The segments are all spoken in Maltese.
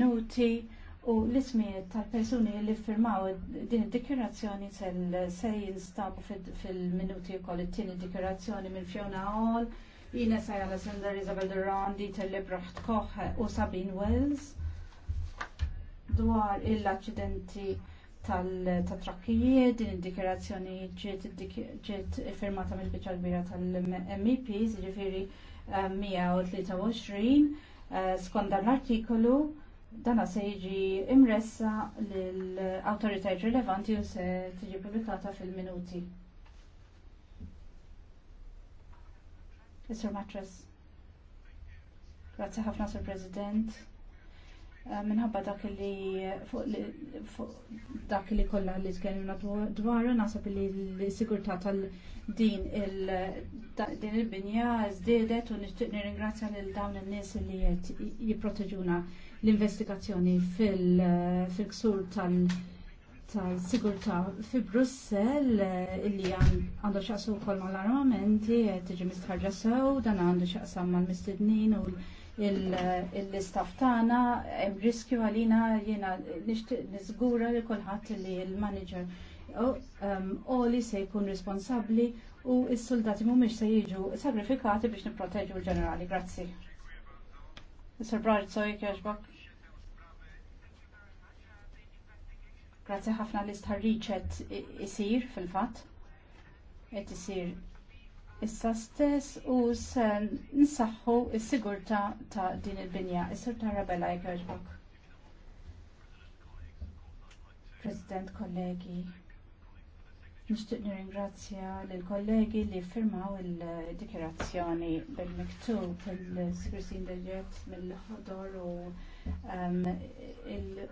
minuti u l-ismijiet tal-persuni li firmaw din id-dikjerazzjoni se jinstabu fil-minuti koll it-tieni dikjerazzjoni minn Fiona Hall, Ines sajala Sender, Isabel Duran, Dieter Lebrecht Koch u Sabine Wells dwar l-accidenti tal-trakkijiet, din id-dikjerazzjoni ġiet firmata mill l-bira tal-MEPs, ġifiri 123 eh, eh, skonda l-artikolu dana se jiġi imressa l-autoritajt rilevanti u se tiġi publikata fil-minuti. Mr. Matras. Grazie ħafna, Sir President. Eh, minħabba dak li dak li kollha li tkellimna dwarha naħseb li l-sigurtà tal din il din il-binja żdiedet u nixtieq nirringrazzja lil dawn in-nies li qed jipproteġuna l-investigazzjoni fil-ksur tal- tal-sigurta fi Brussel eh, illi għandu xaqsu kol l armamenti tiġi mistħarġa sew, dan għandu xaqsam mal mistednin u l eh, istaf tagħna hemm riskju għalina jiena niżgura li kulħadd li l-manager oli se jkun responsabbli u s-soldati mhumiex se jiġu sagrifikati biex nipproteġu l-ġenerali. Grazzi. Sir Brazzo, jek jaġbak? Grazie ħafna l-istħarriċet isir fil-fat. Et isir issa stess u sen nsaħħu s-sigurta ta' din il-binja. Isir ta' rabella jgħarġbak. President, kollegi, Nishtiq nirringrazzja lill kollegi li firmaw il dikirazzjoni bil-miktub il-Skrisin Dejet mill-ħodor u ehm, il-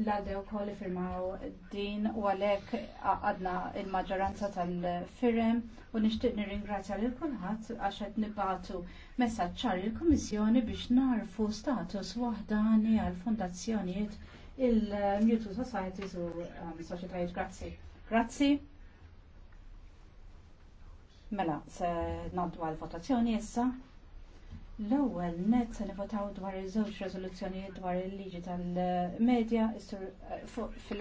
l-għaldew koll firmaw din u għalek għadna il-maġġoranza tal-firem u nishtiq nirringrazzja lil kulħadd għax qed nibatu messaġġ il-Kummissjoni biex narfu status wahdani għal fondazzjonijiet il-Mutual Societies u um, Societies. Grazzi. Grazzi. Mela, se naddu għal votazzjoni issa. L-ewwel net se nivotaw dwar iż-żewġ riżoluzzjonijiet dwar il-liġi tal-medja eh, fl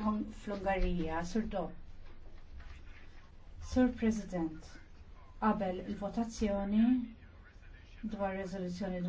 ungarija Sur Do. Sur President, qabel il-votazzjoni dwar riżoluzzjoni